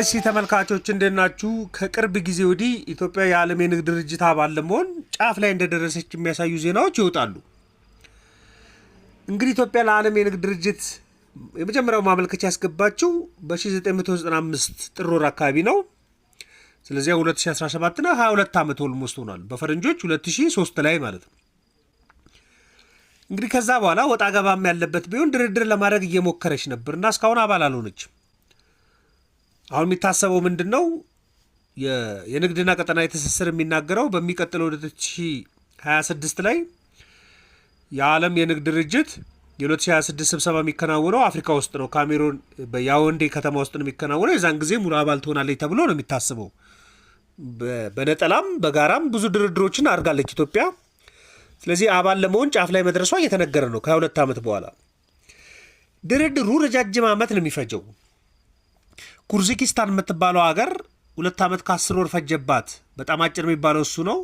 እሺ ተመልካቾች እንደናችሁ። ከቅርብ ጊዜ ወዲህ ኢትዮጵያ የዓለም የንግድ ድርጅት አባል ለመሆን ጫፍ ላይ እንደደረሰች የሚያሳዩ ዜናዎች ይወጣሉ። እንግዲህ ኢትዮጵያ ለዓለም የንግድ ድርጅት የመጀመሪያው ማመልከቻ ያስገባችው በ1995 ጥር ወር አካባቢ ነው። ስለዚያ 2017ና 22 ዓመት ኦልሞስት ሆኗል። በፈረንጆች 2003 ላይ ማለት ነው። እንግዲህ ከዛ በኋላ ወጣ ገባም ያለበት ቢሆን ድርድር ለማድረግ እየሞከረች ነበር እና እስካሁን አባል አልሆነችም። አሁን የሚታሰበው ምንድን ነው? የንግድና ቀጠና ትስስር የሚናገረው በሚቀጥለው 2026 ላይ የዓለም የንግድ ድርጅት የ2026 ስብሰባ የሚከናወነው አፍሪካ ውስጥ ነው። ካሜሮን በያወንዴ ከተማ ውስጥ ነው የሚከናወነው። የዛን ጊዜ ሙሉ አባል ትሆናለች ተብሎ ነው የሚታስበው። በነጠላም በጋራም ብዙ ድርድሮችን አድርጋለች ኢትዮጵያ። ስለዚህ አባል ለመሆን ጫፍ ላይ መድረሷ እየተነገረ ነው። ከሁለት ዓመት በኋላ ድርድሩ ረጃጅም ዓመት ነው የሚፈጀው። ኩርዚኪስታን የምትባለው ሀገር ሁለት ዓመት ከአስር ወር ፈጀባት። በጣም አጭር የሚባለው እሱ ነው።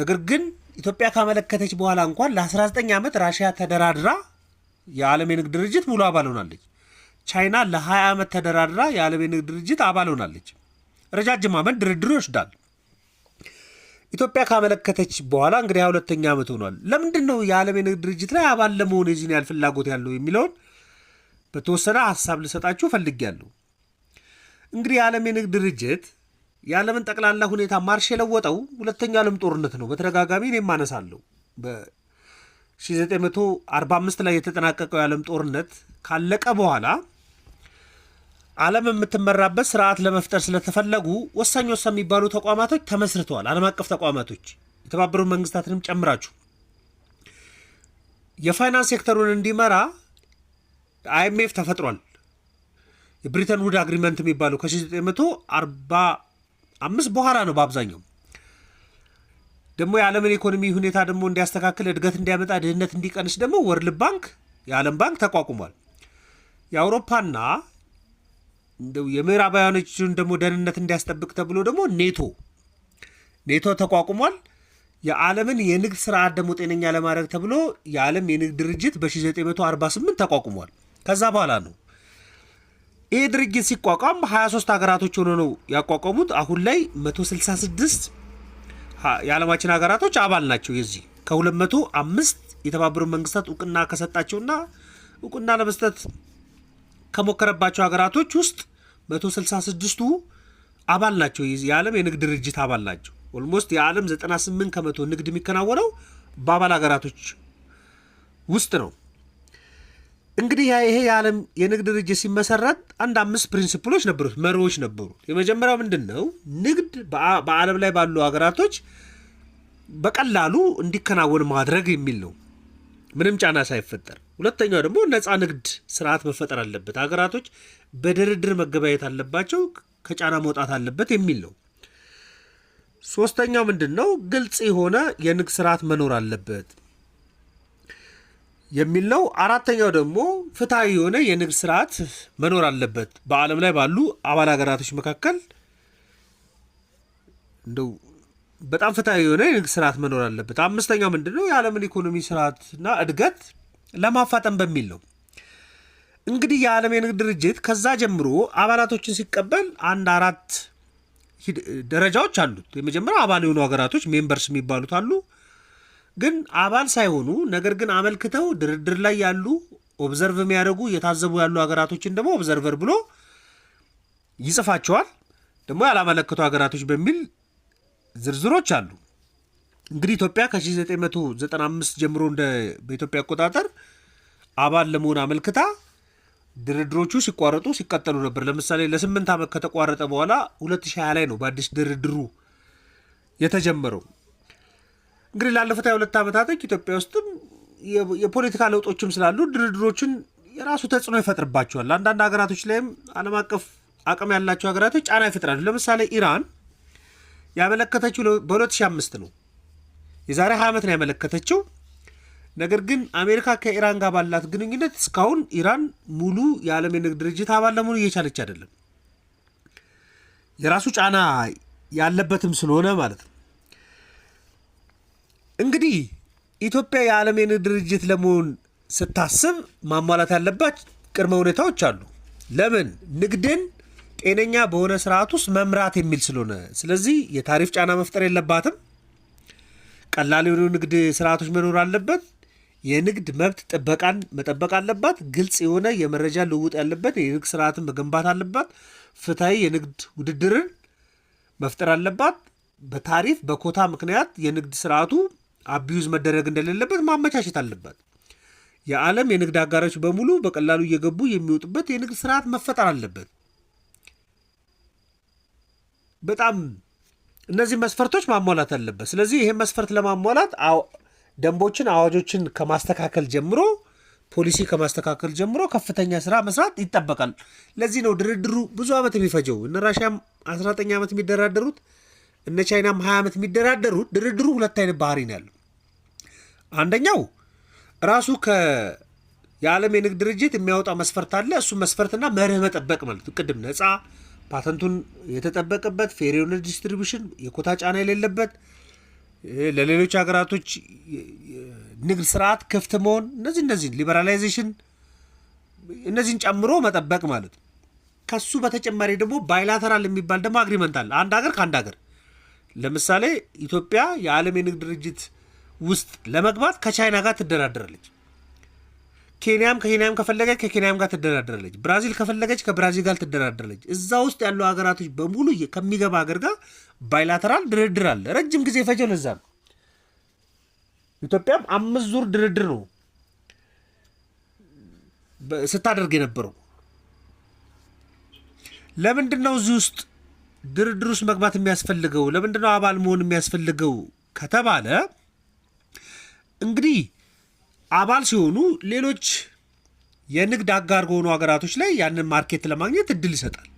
ነገር ግን ኢትዮጵያ ካመለከተች በኋላ እንኳን ለ19 ዓመት ራሽያ ተደራድራ የዓለም የንግድ ድርጅት ሙሉ አባል ሆናለች። ቻይና ለ20 ዓመት ተደራድራ የዓለም የንግድ ድርጅት አባል ሆናለች። ረጃጅም ዓመት ድርድሩ ይወስዳል። ኢትዮጵያ ካመለከተች በኋላ እንግዲህ ሀያ ሁለተኛ ዓመት ሆኗል። ለምንድን ነው የዓለም የንግድ ድርጅት ላይ አባል ለመሆን የዚህን ያህል ፍላጎት ያለው የሚለውን በተወሰነ ሀሳብ ልሰጣችሁ ፈልጌያለሁ። እንግዲህ የዓለም የንግድ ድርጅት የዓለምን ጠቅላላ ሁኔታ ማርሽ የለወጠው ሁለተኛው ዓለም ጦርነት ነው። በተደጋጋሚ እኔ ማነሳለሁ። በ1945 ላይ የተጠናቀቀው የዓለም ጦርነት ካለቀ በኋላ ዓለም የምትመራበት ስርዓት ለመፍጠር ስለተፈለጉ ወሳኝ ወሳኝ የሚባሉ ተቋማቶች ተመስርተዋል። ዓለም አቀፍ ተቋማቶች የተባበሩት መንግስታትንም ጨምራችሁ የፋይናንስ ሴክተሩን እንዲመራ አይኤምኤፍ ተፈጥሯል። የብሪተን ውድ አግሪመንት የሚባሉ ከ1945 በኋላ ነው። በአብዛኛው ደግሞ የዓለምን ኢኮኖሚ ሁኔታ ደግሞ እንዲያስተካክል እድገት እንዲያመጣ ድህነት እንዲቀንስ ደግሞ ወርልድ ባንክ የዓለም ባንክ ተቋቁሟል። የአውሮፓና እንደው የምዕራባውያኖችን ደግሞ ደህንነት እንዲያስጠብቅ ተብሎ ደግሞ ኔቶ ኔቶ ተቋቁሟል። የዓለምን የንግድ ስርዓት ደግሞ ጤነኛ ለማድረግ ተብሎ የዓለም የንግድ ድርጅት በ1948 ተቋቁሟል። ከዛ በኋላ ነው ይህ ድርጅት ሲቋቋም 23 ሀገራቶች ሆኖ ነው ያቋቋሙት። አሁን ላይ 166 የዓለማችን ሀገራቶች አባል ናቸው። የዚህ ከ205 የተባበሩ መንግስታት እውቅና ከሰጣቸውና እውቅና ለመስጠት ከሞከረባቸው ሀገራቶች ውስጥ 166 ስድስቱ አባል ናቸው። የዓለም የንግድ ድርጅት አባል ናቸው። ኦልሞስት የዓለም 98 ከመቶ ንግድ የሚከናወነው በአባል ሀገራቶች ውስጥ ነው። እንግዲህ ይሄ የዓለም የንግድ ድርጅት ሲመሰረት አንድ አምስት ፕሪንስፕሎች ነበሩት፣ መሪዎች ነበሩት። የመጀመሪያው ምንድን ነው? ንግድ በዓለም ላይ ባሉ ሀገራቶች በቀላሉ እንዲከናወን ማድረግ የሚል ነው፣ ምንም ጫና ሳይፈጠር ሁለተኛው ደግሞ ነፃ ንግድ ስርዓት መፈጠር አለበት፣ ሀገራቶች በድርድር መገበያየት አለባቸው፣ ከጫና መውጣት አለበት የሚል ነው። ሶስተኛው ምንድን ነው? ግልጽ የሆነ የንግድ ስርዓት መኖር አለበት የሚል ነው። አራተኛው ደግሞ ፍትሐዊ የሆነ የንግድ ስርዓት መኖር አለበት በዓለም ላይ ባሉ አባል ሀገራቶች መካከል እንደው በጣም ፍትሐዊ የሆነ የንግድ ስርዓት መኖር አለበት። አምስተኛው ምንድን ነው? የዓለምን ኢኮኖሚ ስርዓትና እድገት ለማፋጠን በሚል ነው። እንግዲህ የዓለም የንግድ ድርጅት ከዛ ጀምሮ አባላቶችን ሲቀበል አንድ አራት ደረጃዎች አሉት። የመጀመሪያው አባል የሆኑ ሀገራቶች ሜምበርስ የሚባሉት አሉ። ግን አባል ሳይሆኑ ነገር ግን አመልክተው ድርድር ላይ ያሉ ኦብዘርቭ የሚያደርጉ እየታዘቡ ያሉ ሀገራቶችን ደግሞ ኦብዘርቨር ብሎ ይጽፋቸዋል። ደግሞ ያላመለከቱ ሀገራቶች በሚል ዝርዝሮች አሉ። እንግዲህ ኢትዮጵያ ከ1995 ጀምሮ እንደ በኢትዮጵያ አቆጣጠር አባል ለመሆን አመልክታ ድርድሮቹ ሲቋረጡ ሲቀጠሉ ነበር። ለምሳሌ ለስምንት ዓመት ከተቋረጠ በኋላ 2020 ላይ ነው በአዲስ ድርድሩ የተጀመረው። እንግዲህ ላለፉት 22 ዓመታቶች ኢትዮጵያ ውስጥም የፖለቲካ ለውጦችም ስላሉ ድርድሮችን የራሱ ተጽዕኖ ይፈጥርባቸዋል። አንዳንድ ሀገራቶች ላይም ዓለም አቀፍ አቅም ያላቸው ሀገራቶች ጫና ይፈጥራሉ። ለምሳሌ ኢራን ያመለከተችው በ2005 ነው። የዛሬ 20 ዓመት ነው ያመለከተችው። ነገር ግን አሜሪካ ከኢራን ጋር ባላት ግንኙነት እስካሁን ኢራን ሙሉ የዓለም የንግድ ድርጅት አባል ለመሆን እየቻለች አይደለም። የራሱ ጫና ያለበትም ስለሆነ ማለት ነው። እንግዲህ ኢትዮጵያ የዓለም የንግድ ድርጅት ለመሆን ስታስብ ማሟላት ያለባት ቅድመ ሁኔታዎች አሉ። ለምን ንግድን ጤነኛ በሆነ ስርዓት ውስጥ መምራት የሚል ስለሆነ፣ ስለዚህ የታሪፍ ጫና መፍጠር የለባትም። ቀላል የሆኑ ንግድ ስርዓቶች መኖር አለበት። የንግድ መብት ጥበቃን መጠበቅ አለባት። ግልጽ የሆነ የመረጃ ልውውጥ ያለበት የንግድ ስርዓትን መገንባት አለባት። ፍትሐዊ የንግድ ውድድርን መፍጠር አለባት። በታሪፍ በኮታ ምክንያት የንግድ ስርዓቱ አቢዩዝ መደረግ እንደሌለበት ማመቻቸት አለባት። የዓለም የንግድ አጋሮች በሙሉ በቀላሉ እየገቡ የሚወጡበት የንግድ ስርዓት መፈጠር አለበት። በጣም እነዚህ መስፈርቶች ማሟላት አለበት። ስለዚህ ይህን መስፈርት ለማሟላት ደንቦችን፣ አዋጆችን ከማስተካከል ጀምሮ ፖሊሲ ከማስተካከል ጀምሮ ከፍተኛ ስራ መስራት ይጠበቃል። ለዚህ ነው ድርድሩ ብዙ ዓመት የሚፈጀው። እነ ራሽያም 19 ዓመት የሚደራደሩት እነ ቻይናም 20 ዓመት የሚደራደሩት ድርድሩ ሁለት አይነት ባህሪ ነው ያለው። አንደኛው ራሱ የዓለም የንግድ ድርጅት የሚያወጣው መስፈርት አለ። እሱ መስፈርትና መርህ መጠበቅ ማለት ቅድም ነፃ ፓተንቱን የተጠበቀበት ፌር ዲስትሪቢሽን የኮታ ጫና የሌለበት ለሌሎች ሀገራቶች ንግድ ስርዓት ክፍት መሆን እነዚህ እነዚህን ሊበራላይዜሽን እነዚህን ጨምሮ መጠበቅ ማለት ነው። ከሱ በተጨማሪ ደግሞ ባይላተራል የሚባል ደግሞ አግሪመንት አለ። አንድ ሀገር ከአንድ ሀገር ለምሳሌ ኢትዮጵያ የዓለም የንግድ ድርጅት ውስጥ ለመግባት ከቻይና ጋር ትደራደራለች። ኬንያም ከኬንያም ከፈለገች ከኬንያም ጋር ትደራደራለች። ብራዚል ከፈለገች ከብራዚል ጋር ትደራደራለች። እዛ ውስጥ ያሉ ሀገራቶች በሙሉ ከሚገባ ሀገር ጋር ባይላተራል ድርድር አለ። ረጅም ጊዜ ፈጀው። ለዛ ነው ኢትዮጵያም አምስት ዙር ድርድር ነው ስታደርግ የነበረው። ለምንድን ነው እዚህ ውስጥ ድርድር ውስጥ መግባት የሚያስፈልገው? ለምንድን ነው አባል መሆን የሚያስፈልገው ከተባለ እንግዲህ አባል ሲሆኑ ሌሎች የንግድ አጋር ከሆኑ ሀገራቶች ላይ ያንን ማርኬት ለማግኘት እድል ይሰጣል።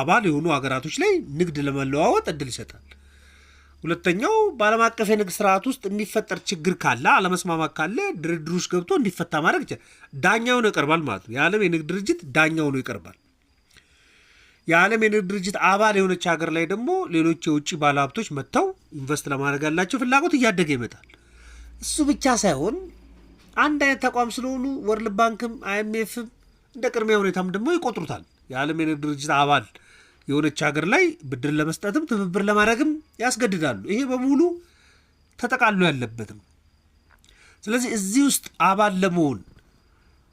አባል የሆኑ ሀገራቶች ላይ ንግድ ለመለዋወጥ እድል ይሰጣል። ሁለተኛው በዓለም አቀፍ የንግድ ስርዓት ውስጥ የሚፈጠር ችግር ካለ አለመስማማት ካለ ድርድር ገብቶ እንዲፈታ ማድረግ ይችላል። ዳኛውን ይቀርባል ማለት ነው። የዓለም የንግድ ድርጅት ዳኛው ነው ይቀርባል። የዓለም የንግድ ድርጅት አባል የሆነች ሀገር ላይ ደግሞ ሌሎች የውጭ ባለሀብቶች መጥተው ኢንቨስት ለማድረግ ያላቸው ፍላጎት እያደገ ይመጣል። እሱ ብቻ ሳይሆን አንድ አይነት ተቋም ስለሆኑ ወርል ባንክም አይኤምኤፍም እንደ ቅድሚያ ሁኔታም ደግሞ ይቆጥሩታል። የዓለም የንግድ ድርጅት አባል የሆነች ሀገር ላይ ብድር ለመስጠትም ትብብር ለማድረግም ያስገድዳሉ። ይሄ በሙሉ ተጠቃሎ ያለበት ስለዚህ እዚህ ውስጥ አባል ለመሆን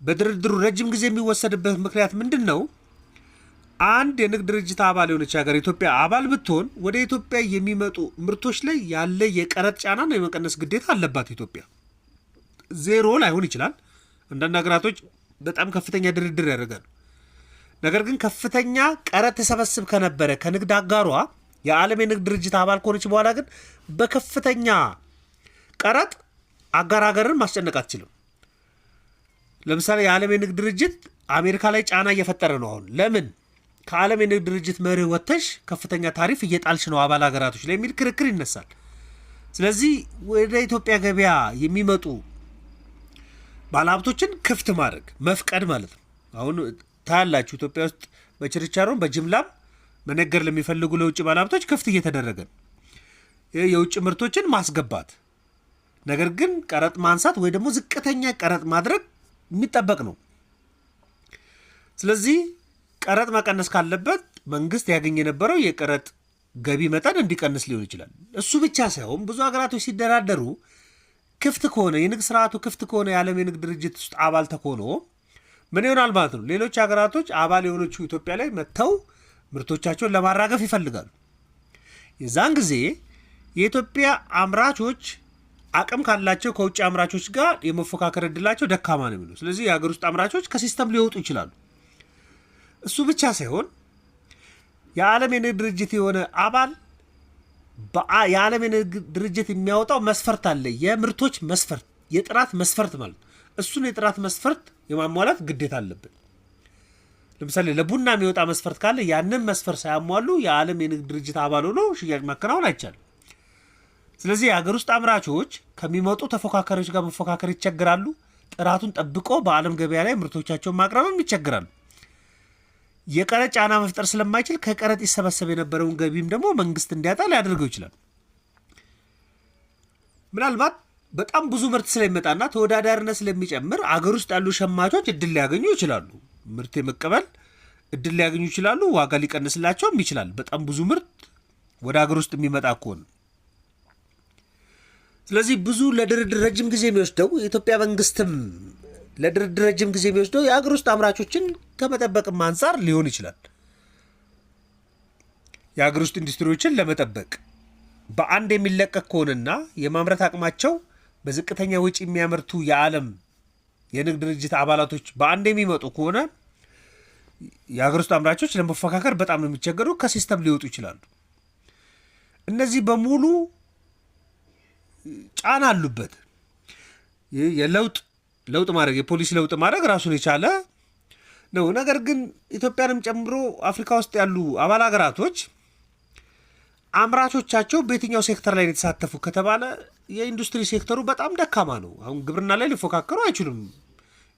በድርድሩ ረጅም ጊዜ የሚወሰድበት ምክንያት ምንድን ነው? አንድ የንግድ ድርጅት አባል የሆነች ሀገር ኢትዮጵያ አባል ብትሆን ወደ ኢትዮጵያ የሚመጡ ምርቶች ላይ ያለ የቀረጥ ጫናና የመቀነስ ግዴታ አለባት ኢትዮጵያ። ዜሮ ላይሆን ይችላል። አንዳንድ ሀገራቶች በጣም ከፍተኛ ድርድር ያደርጋሉ። ነገር ግን ከፍተኛ ቀረጥ ተሰበስብ ከነበረ ከንግድ አጋሯ የዓለም የንግድ ድርጅት አባል ከሆነች በኋላ ግን በከፍተኛ ቀረጥ አጋር ሀገርን ማስጨነቅ አትችልም። ለምሳሌ የዓለም የንግድ ድርጅት አሜሪካ ላይ ጫና እየፈጠረ ነው። አሁን ለምን ከዓለም የንግድ ድርጅት መርህ ወጥተሽ ከፍተኛ ታሪፍ እየጣልሽ ነው አባል ሀገራቶች ላይ የሚል ክርክር ይነሳል። ስለዚህ ወደ ኢትዮጵያ ገበያ የሚመጡ ባለሀብቶችን ክፍት ማድረግ መፍቀድ ማለት ነው። አሁን ታያላችሁ ኢትዮጵያ ውስጥ በችርቻሮን በጅምላም መነገር ለሚፈልጉ ለውጭ ባለሀብቶች ክፍት እየተደረገ ነው። የውጭ ምርቶችን ማስገባት ነገር ግን ቀረጥ ማንሳት ወይ ደግሞ ዝቅተኛ ቀረጥ ማድረግ የሚጠበቅ ነው። ስለዚህ ቀረጥ መቀነስ ካለበት መንግስት ያገኝ የነበረው የቀረጥ ገቢ መጠን እንዲቀንስ ሊሆን ይችላል። እሱ ብቻ ሳይሆን ብዙ ሀገራቶች ሲደራደሩ ክፍት ከሆነ የንግድ ስርዓቱ ክፍት ከሆነ የዓለም የንግድ ድርጅት ውስጥ አባል ተኮኖ ምን ይሆናል ማለት ነው? ሌሎች ሀገራቶች አባል የሆነችው ኢትዮጵያ ላይ መጥተው ምርቶቻቸውን ለማራገፍ ይፈልጋሉ። የዛን ጊዜ የኢትዮጵያ አምራቾች አቅም ካላቸው ከውጭ አምራቾች ጋር የመፎካከር እድላቸው ደካማ ነው የሚሉ ስለዚህ የሀገር ውስጥ አምራቾች ከሲስተም ሊወጡ ይችላሉ። እሱ ብቻ ሳይሆን የዓለም የንግድ ድርጅት የሆነ አባል የዓለም የንግድ ድርጅት የሚያወጣው መስፈርት አለ። የምርቶች መስፈርት፣ የጥራት መስፈርት ማለት እሱን የጥራት መስፈርት የማሟላት ግዴታ አለብን። ለምሳሌ ለቡና የሚወጣ መስፈርት ካለ ያንን መስፈርት ሳያሟሉ የዓለም የንግድ ድርጅት አባል ሆኖ ሽያጭ ማከናወን አይቻልም። ስለዚህ የሀገር ውስጥ አምራቾች ከሚመጡ ተፎካካሪዎች ጋር መፎካከር ይቸግራሉ። ጥራቱን ጠብቆ በዓለም ገበያ ላይ ምርቶቻቸውን ማቅረብም ይቸግራሉ። የቀረጥ ጫና መፍጠር ስለማይችል ከቀረጥ ይሰበሰብ የነበረውን ገቢም ደግሞ መንግስት እንዲያጣ ሊያደርገው ይችላል። ምናልባት በጣም ብዙ ምርት ስለሚመጣና ተወዳዳሪነት ስለሚጨምር አገር ውስጥ ያሉ ሸማቾች እድል ሊያገኙ ይችላሉ። ምርት የመቀበል እድል ሊያገኙ ይችላሉ። ዋጋ ሊቀንስላቸውም ይችላል። በጣም ብዙ ምርት ወደ አገር ውስጥ የሚመጣ ከሆነ ስለዚህ ብዙ ለድርድር ረጅም ጊዜ የሚወስደው የኢትዮጵያ መንግስትም ለድርድር ረጅም ጊዜ የሚወስደው የአገር ውስጥ አምራቾችን ከመጠበቅም አንጻር ሊሆን ይችላል። የአገር ውስጥ ኢንዱስትሪዎችን ለመጠበቅ በአንድ የሚለቀቅ ከሆነና የማምረት አቅማቸው በዝቅተኛ ወጪ የሚያመርቱ የዓለም የንግድ ድርጅት አባላቶች በአንድ የሚመጡ ከሆነ የአገር ውስጥ አምራቾች ለመፎካከር በጣም ነው የሚቸገሩ፣ ከሲስተም ሊወጡ ይችላሉ። እነዚህ በሙሉ ጫና አሉበት የለውጥ ለውጥ ማድረግ የፖሊሲ ለውጥ ማድረግ ራሱን የቻለ ነው። ነገር ግን ኢትዮጵያንም ጨምሮ አፍሪካ ውስጥ ያሉ አባል ሀገራቶች አምራቾቻቸው በየትኛው ሴክተር ላይ የተሳተፉ ከተባለ የኢንዱስትሪ ሴክተሩ በጣም ደካማ ነው። አሁን ግብርና ላይ ሊፎካከሩ አይችሉም።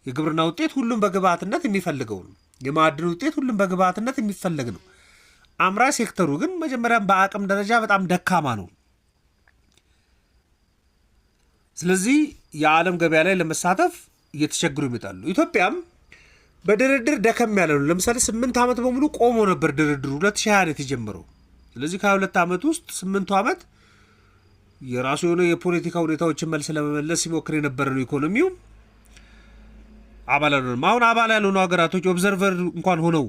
የግብርና ውጤት ሁሉም በግብአትነት የሚፈልገው ነው። የማዕድን ውጤት ሁሉም በግብአትነት የሚፈለግ ነው። አምራች ሴክተሩ ግን መጀመሪያም በአቅም ደረጃ በጣም ደካማ ነው። ስለዚህ የዓለም ገበያ ላይ ለመሳተፍ እየተቸገሩ ይመጣሉ። ኢትዮጵያም በድርድር ደከም ያለ ነው። ለምሳሌ ስምንት ዓመት በሙሉ ቆሞ ነበር ድርድሩ ሁለት ሺህ ሀያ የተጀመረው። ስለዚህ ከ ሁለት ዓመት ውስጥ ስምንቱ ዓመት የራሱ የሆነ የፖለቲካ ሁኔታዎችን መልስ ለመመለስ ሲሞክር የነበረ ነው። ኢኮኖሚው አባል ያልሆነ አሁን አባል ያልሆኑ ሀገራቶች ኦብዘርቨር እንኳን ሆነው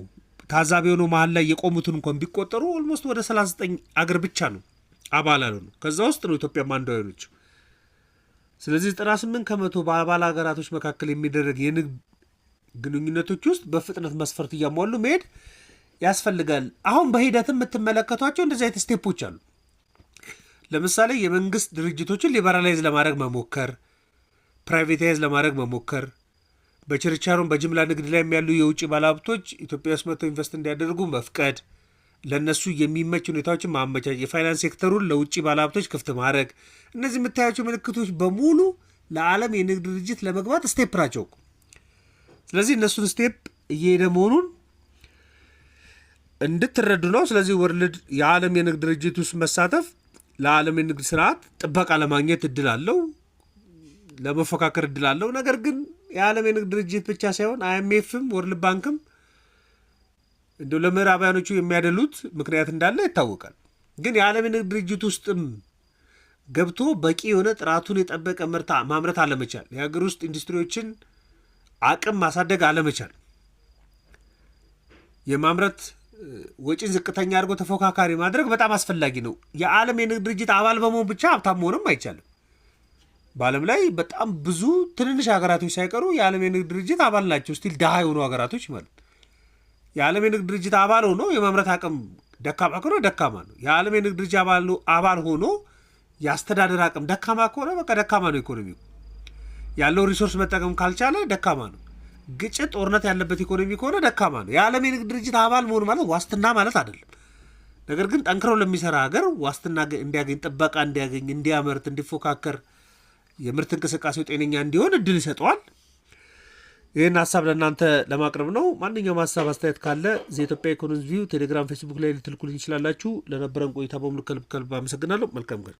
ታዛቢ ሆነው መሀል ላይ የቆሙትን እንኳን ቢቆጠሩ ኦልሞስት ወደ 39 አገር ብቻ ነው አባል ያልሆኑ። ከዛ ውስጥ ነው ኢትዮጵያ አንዷ የሆነችው። ስለዚህ 98 ከመቶ በአባል ሀገራቶች መካከል የሚደረግ የንግድ ግንኙነቶች ውስጥ በፍጥነት መስፈርት እያሟሉ መሄድ ያስፈልጋል። አሁን በሂደት የምትመለከቷቸው እንደዚህ አይነት ስቴፖች አሉ። ለምሳሌ የመንግስት ድርጅቶችን ሊበራላይዝ ለማድረግ መሞከር፣ ፕራይቬታይዝ ለማድረግ መሞከር፣ በችርቻሩን በጅምላ ንግድ ላይ ያሉ የውጭ ባለሀብቶች ኢትዮጵያ ውስጥ መጥተው ኢንቨስት እንዲያደርጉ መፍቀድ ለእነሱ የሚመች ሁኔታዎችን ማመቻች፣ የፋይናንስ ሴክተሩን ለውጭ ባለሀብቶች ክፍት ማድረግ፣ እነዚህ የምታያቸው ምልክቶች በሙሉ ለዓለም የንግድ ድርጅት ለመግባት ስቴፕ ናቸው። ስለዚህ እነሱን ስቴፕ እየሄደ መሆኑን እንድትረዱ ነው። ስለዚህ ወርልድ የዓለም የንግድ ድርጅት ውስጥ መሳተፍ ለዓለም የንግድ ስርዓት ጥበቃ ለማግኘት እድል አለው፣ ለመፎካከር እድል አለው። ነገር ግን የዓለም የንግድ ድርጅት ብቻ ሳይሆን አይኤምኤፍም ወርልድ ባንክም እንደው ለምዕራባያኖቹ የሚያደሉት ምክንያት እንዳለ ይታወቃል። ግን የዓለም ንግድ ድርጅት ውስጥም ገብቶ በቂ የሆነ ጥራቱን የጠበቀ ምርት ማምረት አለመቻል፣ የሀገር ውስጥ ኢንዱስትሪዎችን አቅም ማሳደግ አለመቻል፣ የማምረት ወጪን ዝቅተኛ አድርጎ ተፎካካሪ ማድረግ በጣም አስፈላጊ ነው። የዓለም የንግድ ድርጅት አባል በመሆን ብቻ ሀብታም መሆንም አይቻልም። በዓለም ላይ በጣም ብዙ ትንንሽ ሀገራቶች ሳይቀሩ የዓለም የንግድ ድርጅት አባል ናቸው። ስቲል ድሃ የሆኑ ሀገራቶች ማለት የዓለም የንግድ ድርጅት አባል ሆኖ የማምረት አቅም ደካማ ከሆነ ደካማ ነው። የዓለም የንግድ ድርጅት አባል ሆኖ የአስተዳደር አቅም ደካማ ከሆነ በቃ ደካማ ነው። ኢኮኖሚ ያለው ሪሶርስ መጠቀም ካልቻለ ደካማ ነው። ግጭት፣ ጦርነት ያለበት ኢኮኖሚ ከሆነ ደካማ ነው። የዓለም የንግድ ድርጅት አባል መሆን ማለት ዋስትና ማለት አይደለም። ነገር ግን ጠንክረው ለሚሰራ ሀገር ዋስትና እንዲያገኝ፣ ጥበቃ እንዲያገኝ፣ እንዲያመርት፣ እንዲፎካከር፣ የምርት እንቅስቃሴው ጤነኛ እንዲሆን እድል ይሰጠዋል። ይህን ሀሳብ ለእናንተ ለማቅረብ ነው። ማንኛውም ሀሳብ አስተያየት ካለ ዘኢትዮጵያ ኢኮኖሚ ቪው ቴሌግራም፣ ፌስቡክ ላይ ልትልኩልኝ ይችላላችሁ። ለነበረን ቆይታ በሙሉ ከልብ ከልብ አመሰግናለሁ። መልካም ቀን።